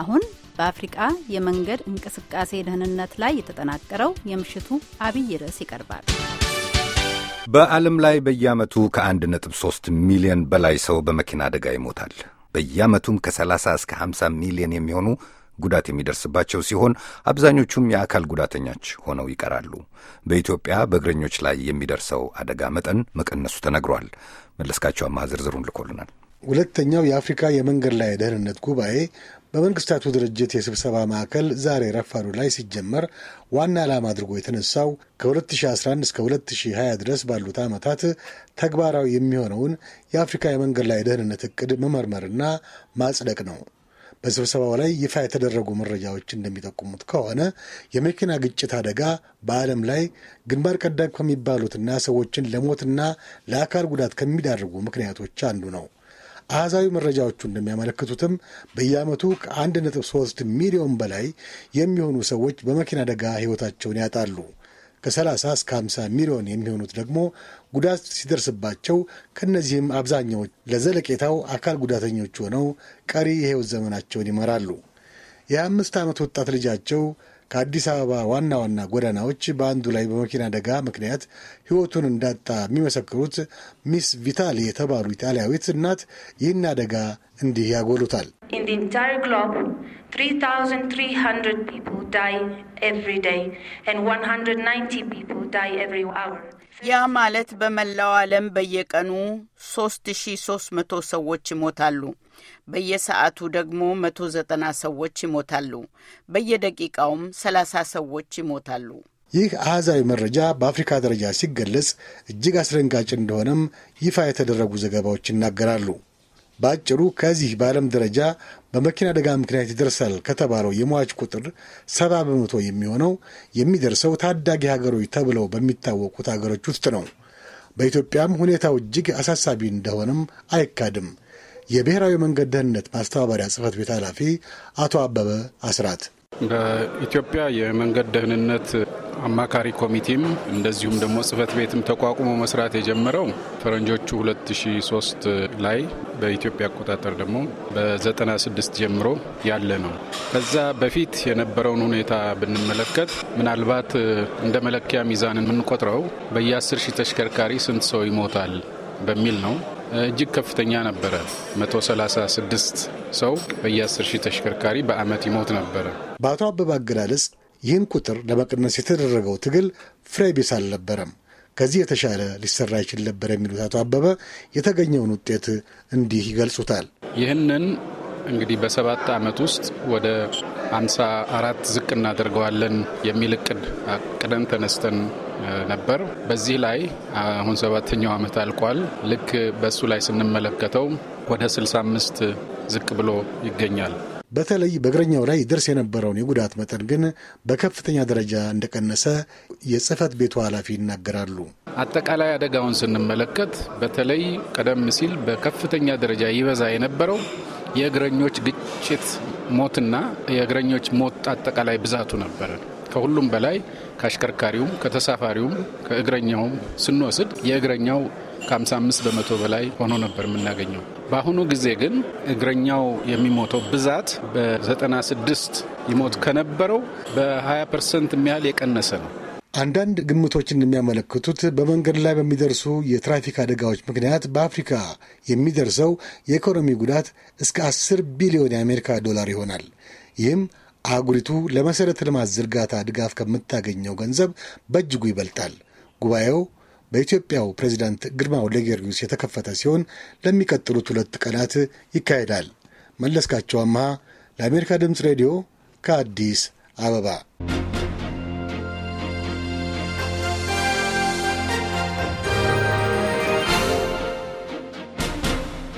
አሁን በአፍሪቃ የመንገድ እንቅስቃሴ ደህንነት ላይ የተጠናቀረው የምሽቱ አብይ ርዕስ ይቀርባል። በዓለም ላይ በየዓመቱ ከ1.3 ሚሊዮን በላይ ሰው በመኪና አደጋ ይሞታል። በየዓመቱም ከ30 እስከ 50 ሚሊዮን የሚሆኑ ጉዳት የሚደርስባቸው ሲሆን አብዛኞቹም የአካል ጉዳተኞች ሆነው ይቀራሉ። በኢትዮጵያ በእግረኞች ላይ የሚደርሰው አደጋ መጠን መቀነሱ ተነግሯል። መለስካቸው አማረ ዝርዝሩን ልኮልናል። ሁለተኛው የአፍሪካ የመንገድ ላይ ደህንነት ጉባኤ በመንግስታቱ ድርጅት የስብሰባ ማዕከል ዛሬ ረፋዱ ላይ ሲጀመር ዋና ዓላማ አድርጎ የተነሳው ከ2011 እስከ 2020 ድረስ ባሉት ዓመታት ተግባራዊ የሚሆነውን የአፍሪካ የመንገድ ላይ ደህንነት እቅድ መመርመርና ማጽደቅ ነው። በስብሰባው ላይ ይፋ የተደረጉ መረጃዎች እንደሚጠቁሙት ከሆነ የመኪና ግጭት አደጋ በዓለም ላይ ግንባር ቀዳግ ከሚባሉትና ሰዎችን ለሞትና ለአካል ጉዳት ከሚዳርጉ ምክንያቶች አንዱ ነው። አዛዊ መረጃዎቹ እንደሚያመለክቱትም በየዓመቱ ከ1.3 ሚሊዮን በላይ የሚሆኑ ሰዎች በመኪና አደጋ ሕይወታቸውን ያጣሉ። ከ30 እስከ 50 ሚሊዮን የሚሆኑት ደግሞ ጉዳት ሲደርስባቸው፣ ከእነዚህም አብዛኛዎች ለዘለቄታው አካል ጉዳተኞች ሆነው ቀሪ የሕይወት ዘመናቸውን ይመራሉ። የአምስት ዓመት ወጣት ልጃቸው ከአዲስ አበባ ዋና ዋና ጎዳናዎች በአንዱ ላይ በመኪና አደጋ ምክንያት ሕይወቱን እንዳጣ የሚመሰክሩት ሚስ ቪታሊ የተባሉ ኢጣሊያዊት እናት ይህን አደጋ እንዲህ ያጎሉታል። ያ ማለት በመላው ዓለም በየቀኑ 3300 ሰዎች ይሞታሉ። በየሰዓቱ ደግሞ 190 ሰዎች ይሞታሉ። በየደቂቃውም 30 ሰዎች ይሞታሉ። ይህ አሃዛዊ መረጃ በአፍሪካ ደረጃ ሲገለጽ እጅግ አስደንጋጭ እንደሆነም ይፋ የተደረጉ ዘገባዎች ይናገራሉ። በአጭሩ ከዚህ በዓለም ደረጃ በመኪና አደጋ ምክንያት ይደርሳል ከተባለው የሟች ቁጥር ሰባ በመቶ የሚሆነው የሚደርሰው ታዳጊ ሀገሮች ተብለው በሚታወቁት ሀገሮች ውስጥ ነው። በኢትዮጵያም ሁኔታው እጅግ አሳሳቢ እንደሆነም አይካድም። የብሔራዊ መንገድ ደህንነት ማስተባበሪያ ጽፈት ቤት ኃላፊ አቶ አበበ አስራት በኢትዮጵያ የመንገድ ደህንነት አማካሪ ኮሚቴም እንደዚሁም ደግሞ ጽህፈት ቤትም ተቋቁሞ መስራት የጀመረው ፈረንጆቹ 2003 ላይ በኢትዮጵያ አቆጣጠር ደግሞ በ96 ጀምሮ ያለ ነው። ከዛ በፊት የነበረውን ሁኔታ ብንመለከት ምናልባት እንደ መለኪያ ሚዛን የምንቆጥረው በየ10 ሺህ ተሽከርካሪ ስንት ሰው ይሞታል በሚል ነው። እጅግ ከፍተኛ ነበረ። 136 ሰው በየ10 ሺህ ተሽከርካሪ በአመት ይሞት ነበረ። በአቶ አበባ አገላለጽ ይህን ቁጥር ለመቀነስ የተደረገው ትግል ፍሬ ቢስ አልነበረም። ከዚህ የተሻለ ሊሰራ ይችል ነበር የሚሉት አቶ አበበ የተገኘውን ውጤት እንዲህ ይገልጹታል። ይህንን እንግዲህ በሰባት ዓመት ውስጥ ወደ አምሳ አራት ዝቅ እናደርገዋለን የሚል እቅድ አቅደን ተነስተን ነበር። በዚህ ላይ አሁን ሰባተኛው ዓመት አልቋል። ልክ በእሱ ላይ ስንመለከተው ወደ 65 ዝቅ ብሎ ይገኛል። በተለይ በእግረኛው ላይ ይደርስ የነበረውን የጉዳት መጠን ግን በከፍተኛ ደረጃ እንደቀነሰ የጽህፈት ቤቱ ኃላፊ ይናገራሉ። አጠቃላይ አደጋውን ስንመለከት በተለይ ቀደም ሲል በከፍተኛ ደረጃ ይበዛ የነበረው የእግረኞች ግጭት ሞትና የእግረኞች ሞት አጠቃላይ ብዛቱ ነበረ። ከሁሉም በላይ ከአሽከርካሪውም ከተሳፋሪውም ከእግረኛውም ስንወስድ የእግረኛው ከ55 በመቶ በላይ ሆኖ ነበር የምናገኘው። በአሁኑ ጊዜ ግን እግረኛው የሚሞተው ብዛት በ96 ይሞት ከነበረው በ20 ፐርሰንት የሚያህል የቀነሰ ነው። አንዳንድ ግምቶችን የሚያመለክቱት በመንገድ ላይ በሚደርሱ የትራፊክ አደጋዎች ምክንያት በአፍሪካ የሚደርሰው የኢኮኖሚ ጉዳት እስከ 10 ቢሊዮን የአሜሪካ ዶላር ይሆናል። ይህም አህጉሪቱ ለመሠረተ ልማት ዝርጋታ ድጋፍ ከምታገኘው ገንዘብ በእጅጉ ይበልጣል። ጉባኤው በኢትዮጵያው ፕሬዚዳንት ግርማ ወልደ የተከፈተ ሲሆን ለሚቀጥሉት ሁለት ቀናት ይካሄዳል። መለስካቸው አምሃ ለአሜሪካ ድምፅ ሬዲዮ ከአዲስ አበባ